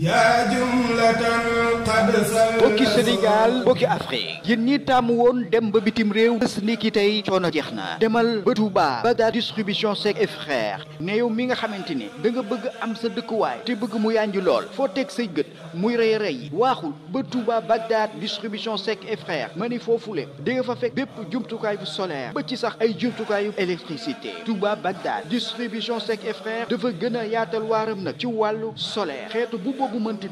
yaa jumlatan qad sal mbokki ñi tàmm woon dem ba bitim réew bés ni ki tey coono jeex na demal ba Touba Bagdad distribution Seck et frère ne yow mi nga xamante ni da bëgg am sa dëkkuwaay te bëgg mu yànji lool foo teg say muy rey rey yi waaxul ba Touba Bagdad distribution Seck et ma ni foofule di nga fa fekk bépp jumtukaay bu solaire ba ci sax ay jumtukaayu électricité Touba Bagdad distribution Seck dafa gën a yaatal waaram nag ci wàllu solaire xeetu bu mënti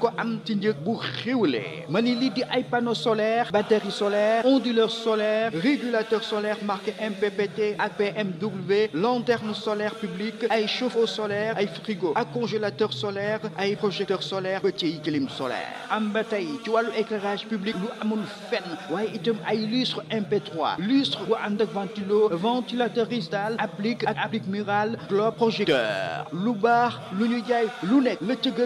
ko am ci njëg bu xiwlee ma ni lii di ay panneau solaire batterie solaire onduleur solaire régulateur solaire marqué MPPT m PMW lanterne solaire publique ay chauffe-eau solaire ay frigo a congélateur solaire ay projecteur solaire petit clim solaire am ba tey ci wàllu éclairage public lu amul fenn waaye itam ay lustre MP3 lustre bu ànd ventilo ventilateur cristal applique applique murale globe projecteur lu baax lu ñu jaay lu nekk la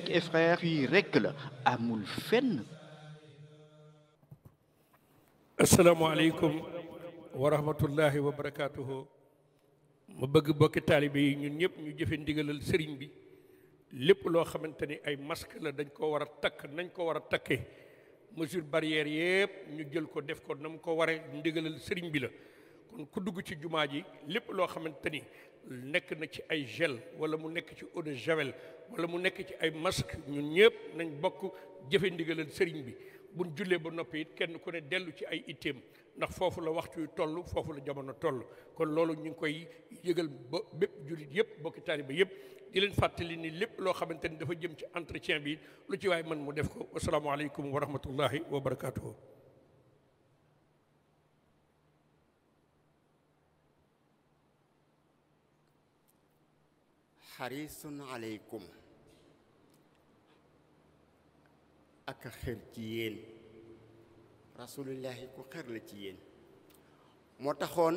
nekk et frère puis rekk la amul fenn asalaamaaleykum wa rahmatullahi wa barakaatuhu ma bëgg bokki taalibe yi ñun ñëpp ñu jëfe ndigalal sëriñ bi lépp loo xamante ni ay masque la dañ ko war a takk nañ ko war a takkee mesure barrière yëpp ñu jël ko def ko nam ko waree ndigalal sëriñ bi la kon ku dugg ci jumaa ji lépp loo xamante ni nekk na ci ay gel wala mu nekk ci eau de javel wala mu nekk ci ay masque ñun ñëpp nañ bokk jëfe ndigalal sëriñ bi buñ jullee ba noppi it kenn ku ne dellu ci ay itteem ndax foofu la waxtu yu toll foofu la jamono toll kon loolu ñu ngi koy yëgal ba bépp jullit yëpp bokki taaliba yëpp di leen fàttali ni lépp loo xamante ni dafa jëm ci entretien bi lu ci waay man mu def ko wasalaamaaleykum wa rahmatullahi wa barakaatuhu xarisun aleykum ak xër ci yéen rasulillahi ku xër la ci yéen moo taxoon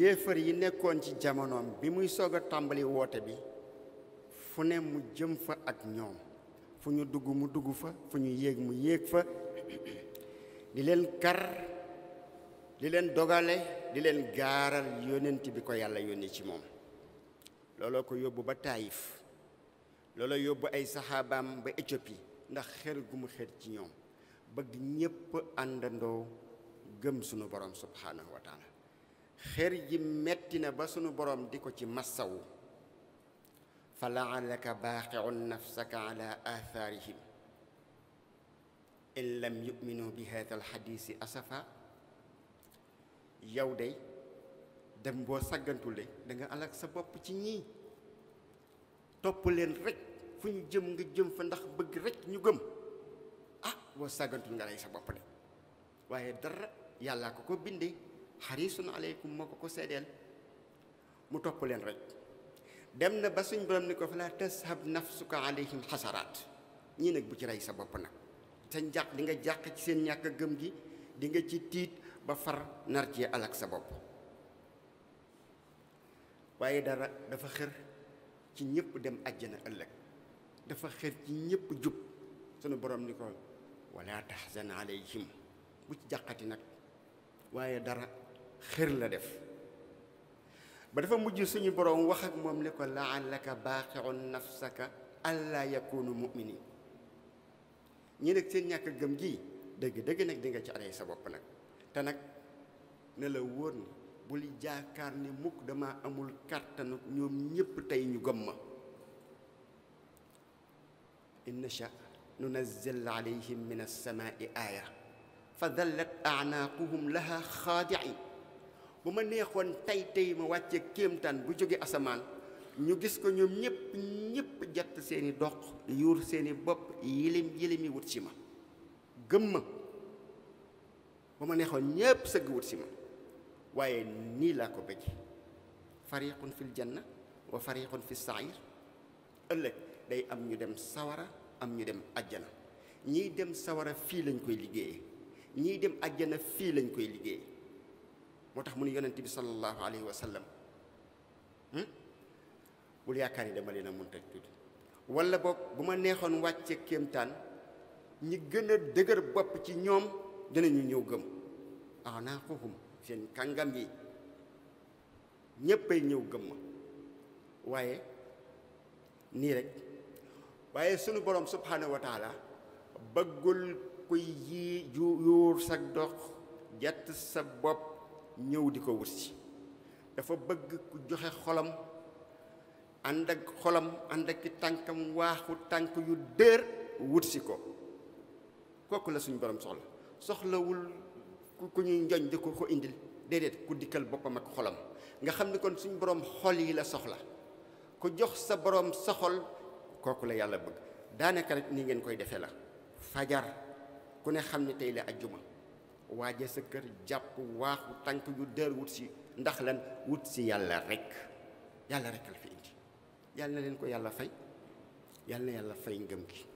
yéefar yi nekkoon ci jamonoom bi muy soog a tàmbali woote bi fu ne mu jëm fa ak ñoom fu ñu dugg mu dugg fa fu ñu yéeg mu yéeg fa di leen kar di leen dogale di leen gaaral yonent bi ko yàlla yónnee ci moom looloo ko yóbbu ba Taïf looloo yóbbu ay saxaabaam ba Éthiopie ndax xer gu mu xer ci ñoom bëgg ñépp àndandoo gëm sunu borom subhaanahu wa taala ji metti na ba sunu boroom di ko ci massawu fa laalaka baaxiun nafsaka ala in lam yuminu bi hada alxadisi asafa yow de dem boo sàggantule da nga alak sa bopp ci ñii topp leen rek fu ñu jëm nga jëm fa ndax bëgg rek ñu gëm ah boo sàggantul nga rey sa bopp de waaye dara yàlla ko ko bindee xarisun aleykum moo ko ko seddeel mu topp leen rek dem na ba suñ borom ni ko fa laa tashab nafsuka aleyhim xasaraat ñii nag bu ci rey sa bopp nag sa njàq di nga ci seen ñàkk gëm gi di ci tiit ba far nar ci alak sa bopp waaye dara dafa xër ci ñëpp dem àjjana ëllëg dafa xër ci ñëpp jub sunu borom ni ko wala taxzan alayhim bu ci jàqati nag waaye dara xër la def ba dafa mujj suñu borom wax ak moom ne ko laallaka baaxiun nafsaka allaa yakunu muminin ñi nag seen ñàkk gëm gi dëgg dëgg nag di ci alay sa bopp nag te nag ne la wóor ni bul jaakaar ne mukk dama amul kàttanu ñoom ñépp tey ñu gëm ma in nasha nunazzil alayhim min as-samaa'i aaya fa dallat anaaquhum laha xaadi'i bu ma neexoon tey tey ma wàcce kéemtaan bu jóge asamaan ñu gis ko ñoom ñépp ñépp jatt seeni dox yuur seeni bopp yilim yilimi wut ma gëm bu ma neexoon ñépp sëgg wut si ma waaye nii laa ko bëgg fariqun fil janna wa fariqun fi sair ëllëg day am ñu dem sawara am ñu dem ajjana ñiy dem sawara fii lañ koy liggéeyee ñiy dem ajjana fii lañ koy liggéeyee moo tax mu ne yonent bi sallallahu alayhi wa sallam hmm? yaakaar yi dama leen a mënta tudd wala boog bu ma neexoon wàcce kéemtaan ñi gën dëgër bopp ci ñoom dinañu ñëw gëm anaaquhum seen kàngam yi ñéppay ñëw gëm waaye nii rek waaye sunu borom subhanahu wa taala bëggul kuy yii yuur sa dox jett sa bopp ñëw di ko wut si dafa bëgg ku joxe xolam ànd ak xolam ànd ak tànkam waaxu tànk yu dër wut si ko kooku la suñu borom soxla soxlawul ku ñuy njoñ di ko ko indil déedéet ku dikkal boppam ak xolam nga xam ni kon suñ borom xol yi la soxla ku jox sa borom sa xol kooku la yàlla bëgg daanaka rek ni ngeen koy defee la fajar ku ne xam ni tey la ajjuma waaje sa kër jàpp waaxu tànk yu dër wut si ndax lan wut si yàlla rekk yàlla rek la fi indi yàlla na leen ko yàlla fay yàlla na yàlla fay ngëm gi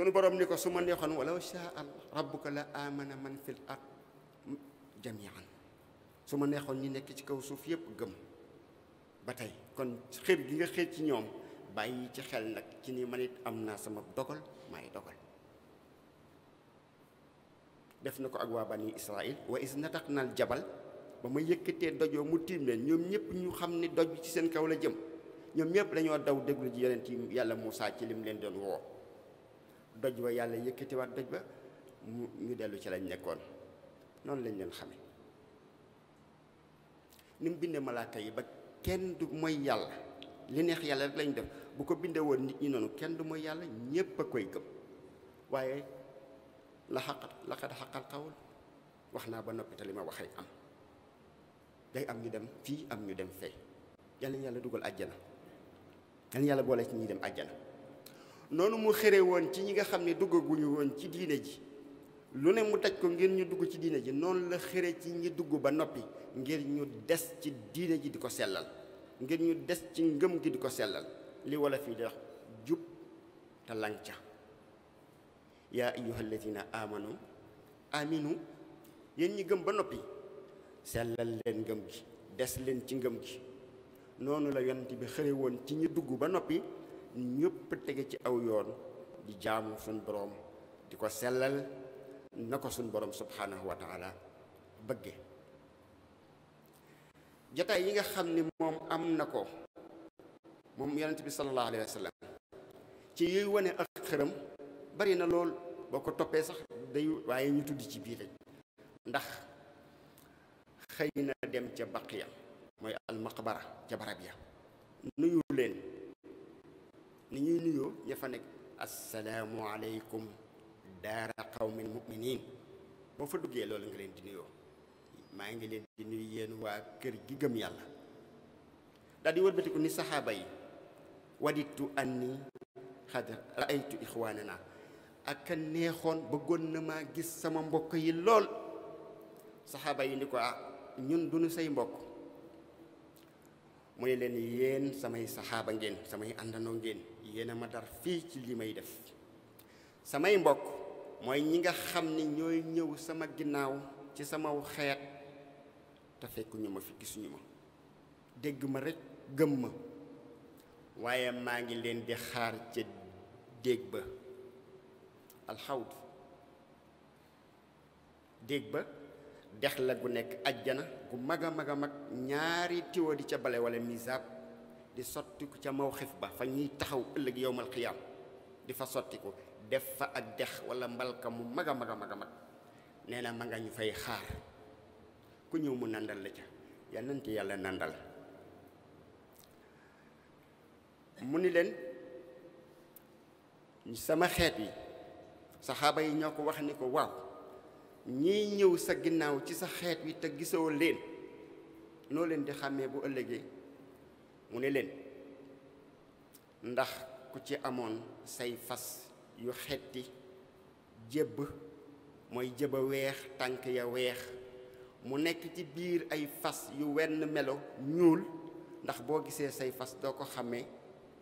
sunu boroom ni ko su ma neexoon walaw shaa rabbuka la amana man fil ard jamian su ma neexoon ñi nekk ci kaw suuf yépp gëm ba tey kon xër gi nga xër ci ñoom bàyyi ci xel nag ci ni man am naa sama dogal maay dogal def na ko ak waa bani israil wa is nataq nal jabal ba ma yëkkatee dojoo mu tiim leen ñoom ñëpp ñu xam ni doj ci seen kaw la jëm ñoom ñëpp dañoo daw déglu ji yonent yi yàlla Muusaa ci lim leen doon woo doj wa yàlla yëkkatiwaat doj ba mu ñu dellu ci lañ nekkoon noonu lañ leen xame ni bindee malaaka yi ba kenn du mooy yàlla li neex yàlla rek lañ def bu ko bindee woon nit ñi noonu kenn du mooy yàlla ñépp a koy gëm waaye la xaqat laqad xaqal xawul wax naa ba noppi te li ma wax am day am ñu dem fii am ñu dem fee yàlla yàlla dugal àjjana yàlla yàlla boole si ñuy dem àjjana noonu mu xëre woon ci ñi nga xam ne duggaguñu woon ci diine ji lu ne mu daj ko ngir ñu dugg ci diine ji noonu la xëre ci ñi dugg ba noppi ngir ñu des ci diine ji di ko sellal ngir ñu des ci ngëm gi di ko sellal li wala fii di wax jub te lanca yaa amanu aminu yéen ñi gëm ba noppi sellal leen ngëm gi des leen ci ngëm gi noonu la yonent bi xëre woon ci ñi dugg ba noppi ñëpp tege ci aw yoon di jaamu suñ boroom di ko sellal na ko suñ boroom subhaanahu wa taala bëgge jataay yi nga xam ni moom am na ko moom yonent bi sallallahu alayhi wa sallam ci yuy wane ak xërëm bari na lool boo ko toppee sax day waaye ñu tudd ci biir rek ndax xëy na dem ca baq ya mooy almaqbara ca barab ya nuyu leen ni ñuy nuyoo ña fa nekk assalaamu aleykum daara qawmin muminin boo fa duggee loolu nga leen di nuyoo maa ngi leen di nuyu yéen waa kër gi gëm yàlla daal di wëlbatiku ni saxaaba yi waditu anni xad raaytu ixwaanana ak a neexoon bëggoon na maa gis sama mbokk yi lool saxaaba yi ni ko ah, ñun du ñu say mbokk mu ne leen yéen samay saxaaba ngeen samay àndandoo ngeen yéen ma dar fii ci li may def samay mbokk mooy ñi nga xam ni ñooy ñëw sama ginnaaw ci samaw xeet te fekkuñu ma fi gisuñu ma dégg ma rekk gëm ma waaye maa ngi leen di xaar ca déeg ba alxawd déeg ba dex la gu nekk ajjana gu mag a mag a mag ñaari tiwa di ca bale wala misaab di sottiku ca mawxif ba fa ñuy taxaw ëllëg yowmal xiyaam di fa sottiku def fa ak dex wala mbalka mu mag a mag a mag nee na ma ñu fay xaar ku ñëw mu nandal la ca yal nañ yàlla nandal mu ni leen sama xeet yi saxaaba yi ñoo ko wax ni ko waaw ñii ñëw sa ginnaaw ci sa xeet wi te gisoo leen noo leen di xàmmee bu ëllëgee mu ne leen ndax ku ci amoon say fas yu xetti jébb mooy jëba weex tànk ya weex mu nekk ci biir ay fas yu wenn melo ñuul ndax boo gisee say fas doo ko xàmmee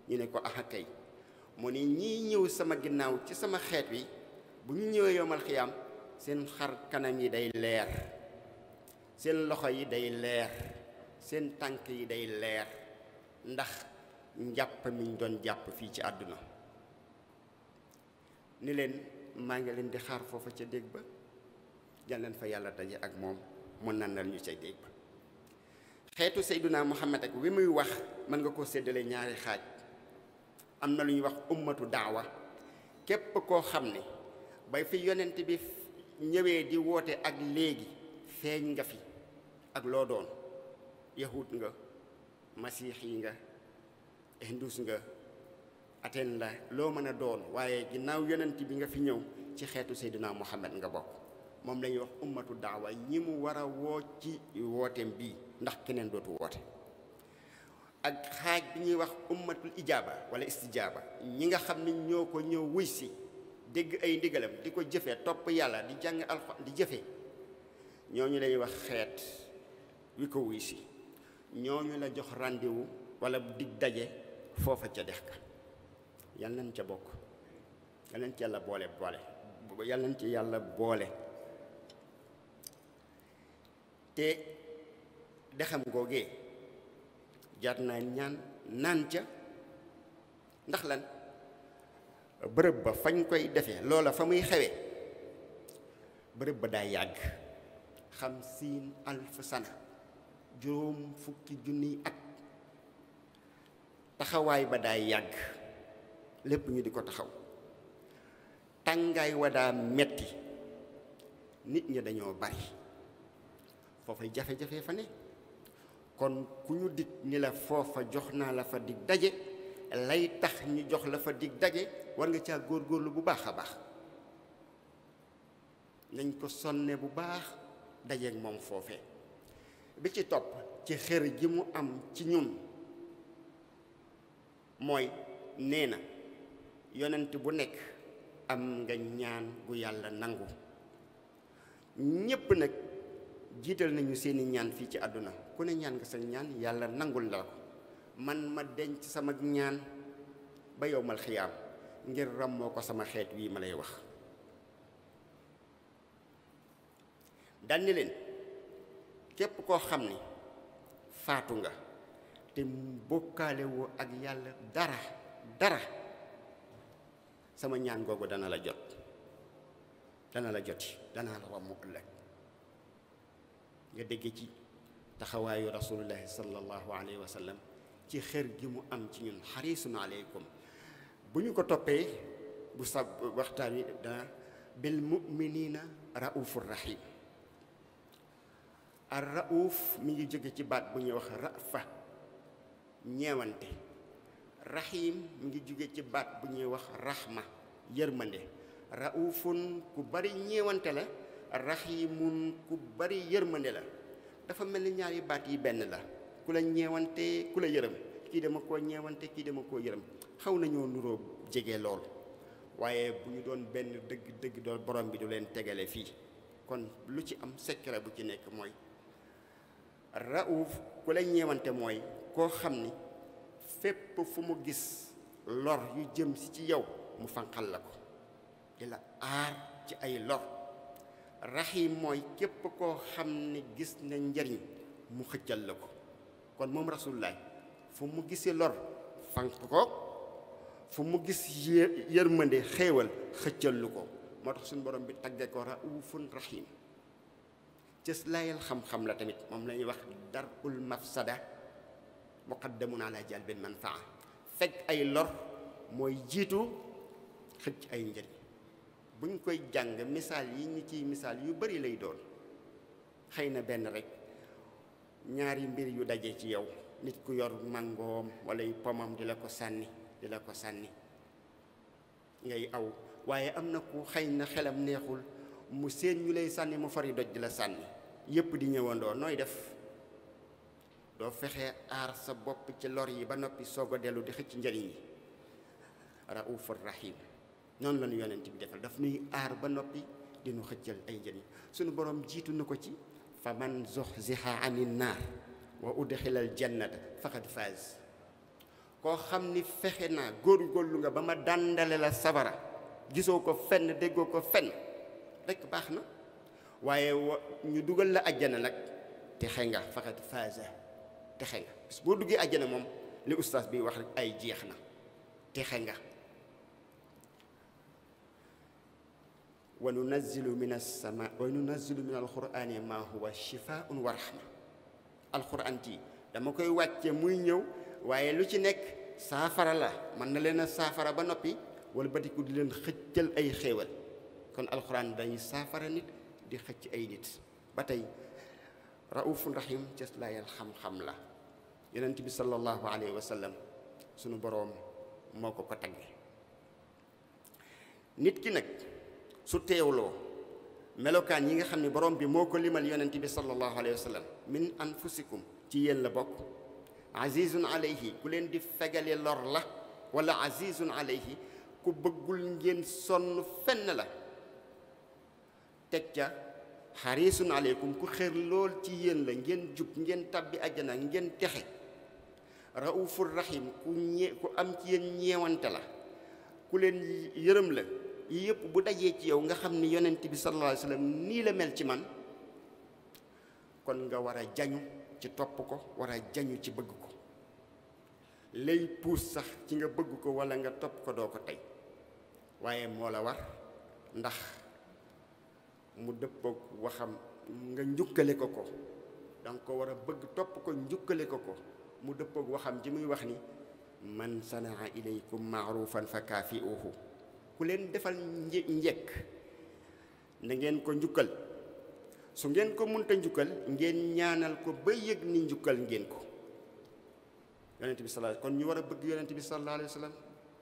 ñu ne ko axa kay mu ni ñii ñëw sama ginnaaw ci sama xeet wi bu ñu ñëwee yomal xiyaam seen xar kanam yi day leer seen loxo yi day leer seen tànk yi day leer ndax njàpp miñ doon jàpp fii ci àdduna ni leen maa ngi leen di xaar foofa ca dégg ba jal leen fa yàlla daje ak moom na nandal ñu ca dégg ba xeetu sayduna muhammad ak wi muy wax mën nga koo séddale ñaari xaaj am na lu ñuy wax ummatu daawa képp koo xam ni bay fi yonent bi ñëwee di woote ak léegi feeñ nga fi ak loo doon yahut nga masiix yi nga hindus nga ateen la loo mën a doon waaye ginnaaw yenent bi nga fi ñëw ci xeetu seydina muhammad nga bokk moom lañu wax ummatu daawa ñi mu war a woo ci wooteem bii ndax keneen dootu woote ak xaaj bi ñuy wax ummatul ijaaba wala istijaaba ñi nga xam ni ñoo ko ñëw wuy si dégg ay ndigalam di ko jëfee topp yàlla di jàng alxuraan di jëfe ñooñu la ñuy wax xeet wi ko wuy si ñoo ñooñu la jox rendez-vous wala dig daje foofa ca dex ka yal nañ ca bokk yal nañ ci yàlla boole boole yal nañ ci yàlla boole te dexam googee jar naa ñaan naan ca ndax lan bërëb ba fañ koy defee loola fa muy xewee bërëb ba daa yàgg xam siin alf sana juróom fukki junniy at taxawaay ba daay yàgg lépp ñu di ko taxaw tàngaay wa daa metti nit ñi dañoo bari foofay jafe-jafe fa ne kon ku ñu dig ni la foofa jox naa la fa dig daje lay tax ñu jox la fa digg daje war nga góor góorlu bu baax a baax nañ ko sonne bu baax dajeeg moom foofe bi ci topp ci xër ji mu am ci ñun mooy nee na yonent bu nekk am nga ñaan gu yàlla nangu ñépp nag jiital nañu seeni ñaan fii ci àdduna ku ne ñaan nga sa ñaan yàlla nangul la ko man ma denc sama ñaan ba yowmal xiyaam ngir ràmmoo ko sama xeet wii ma lay wax dandi képp koo xam ni faatu nga te bokkaale woo ak yàlla dara dara sama ñaan googu dana la jot dana la joti danaa la wàmmu ëllëg nga dégg ci taxawaayu rasulullahi sallallahu alayhi wa ci xër gi mu am ci ñun xarisun aleykum bu ñu ko toppee bu sab waxtaan wi dana bil muminina raufur rahim ar rauf mi ngi jóge ci baat bu ñuy wax rafa ñeewante rahim mu ngi jóge ci baat bu ñuy wax rahma yërmande raufun ku bari ñeewante la rahimun ku bari yërmande la dafa mel ni ñaari baat yi benn la ku la ñeewante ku la yërëm kii dama koo ñeewante kii dama koo yërëm xaw nañoo nuroo jege lool waaye bu ñu doon benn dëgg dëgg doo borom bi du leen tegale fii kon lu ci am secret bu ci nekk mooy rauf ku la ñeewante mooy koo xam ni fépp fu mu gis lor yu jëm si ci yow mu fanqal la ko di la aar ci ay lor rahim mooy képp koo xam ni gis na njariñ mu xëccal la ko kon moom rasulullah fu mu gisee lor fanq ko fu mu gis yërmande xéewal xëccal lu ko moo tax suñu borom bi taggee ko raufun rahim cës laayal xam-xam la tamit moom la ñuy wax darul mafsada muqaddamun ala jalbil manfaa fekk ay lor mooy jiitu xëcc ay njëriñ buñ koy jàng misaal yi ñu ciy misaal yu bari lay doon xëy na benn rek ñaari mbir yu daje ci yow nit ku yor màngoom wala yu pomam di la ko sànni di la ko sànni ngay aw waaye am na ku xëy na xelam neexul mu seen ñu lay sànni mu fari doj di la sànni yëpp di ñëwandoo nooy def doo fexe aar sa bopp ci lor yi ba noppi soog a dellu di xëcc njëriñ yi raufur rahim noonu la ñu yonent bi defal daf nuy aar ba noppi di nu xëccal ay njëriñ suñu borom jiitu na ko ci fa man zuxziha anin naar wa udxilal jannata faqad faaz koo xam ni fexe naa góor góorlu nga ba ma dàndale la sabara gisoo ko fenn déggoo ko fenn rekk baax na waaye ñu dugal la ajjana nag texe nga faqad faaza texe nga bis boo duggee ajjana moom li ustaas bi wax ay jeex na texe nga wa nunazilu min alsama wa nunazilu min alqurani ma huwa shifaun wa rahma alquran dama koy wàcce muy ñëw waaye lu ci nekk saafara la mën na leen a saafara ba noppi wala batiku di leen xëccal ay xéewal kon alquran dañuy saafara nit di xëcc ay nit ba tey raufun rahim ces laayal xam-xam la yonent bi sallallahu alayhi wa sunu boroom moo ko ko tagge nit ki nag su teewloo melokaan yi nga xam ne boroom bi moo ko limal yonent bi sallallahu alayhi wa sallam min anfusikum ci yéen la bokk azizun alayhi ku leen di fegale lor la wala azizun alayhi ku bëggul ngeen sonn fenn la teg ca xarisun aleykum ku xër lool ci yéen la ngeen jub ngeen tabbi àjjana ngeen texe raufur rahim ku ñe ku am ci yenn ñeewante la ku leen yërëm la yi yëpp bu dajee ci yow nga xam ni yonent bi sallallahu alayhi wa nii la mel ci man kon nga war a jañu ci topp ko war a jañu ci bëgg ko lay puus sax ci nga bëgg ko wala nga topp ko doo ko tey waaye moo la war ndax mu dëppoog waxam nga njukkale ko ko danga ko war a bëgg topp ko njukkale ko ko mu dëppoog waxam ji muy wax ni man sanaa ilaykum maarufan fa kaafiuhu ku leen defal nje njekk na ngeen ko njukkal su ngeen ko munta njukkal ngeen ñaanal ko ba yëg ni njukkal ngeen ko yonent bi sallallahu kon ñu war a bëgg yonent bi sallallahu alayhi wa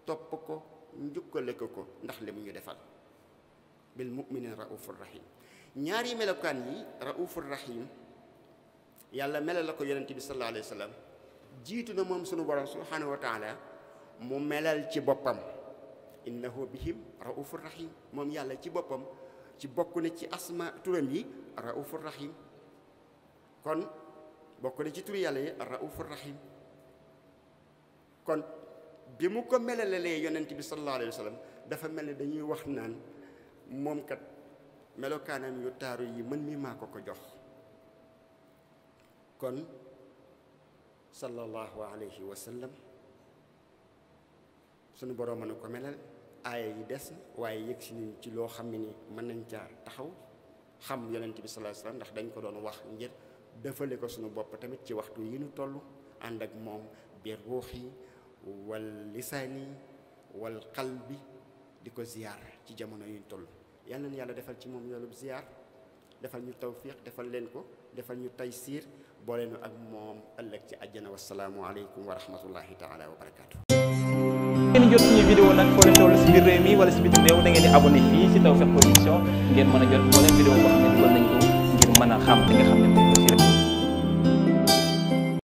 topp ko njukkale ko ko ndax li mu ñu defal bil mu'minin raufur rahim ñaari melokaan yi raufur rahim yàlla melal la ko yonent bi sallallahu alayhi wa jiitu na moom sunu borom subhanahu wa mu melal ci boppam innahu bihim raufur rahim moom yàlla ci boppam ci bokk na ci asma turam yi raufur rahim kon bokk na ci turi yàlla yi raufur rahim kon bi mu ko melalalee yonent bi sallallahu alayhi wa dafa mel dañuy wax naan moom kat melokaanam yu taaru yi mën mi maa ko ko jox kon sallallahu alayhi wa sallam sunu boroom mën a ko melal aaya yi des waaye yëg si ñu ci loo xam ne ni mën nañ caa taxaw xam yonent bi sallallahu alayhi ndax dañ ko doon wax ngir defale ko sunu bopp tamit ci waxtu yi ñu toll ànd ak moom bi ruuxi wal lisaani wal qalbi di ko ziyaar ci jamono yuñ toll yal nañu yàlla defal ci moom yoolub ziyaar defal ñu tawfiq defal leen ko defal ñu taysiir boole nu ak moom ëllëg ci àjjana wassalaamu aleykum wa rahmatullahi taala wa barakaatu ngeen jot suñu vidéo nag foo leen toll si biir réew mi wala si bitim réew da di abonné fii si Tawfekh Production ngeen mën a jot moo ne dugal nañ ngir mën a xam li nga xam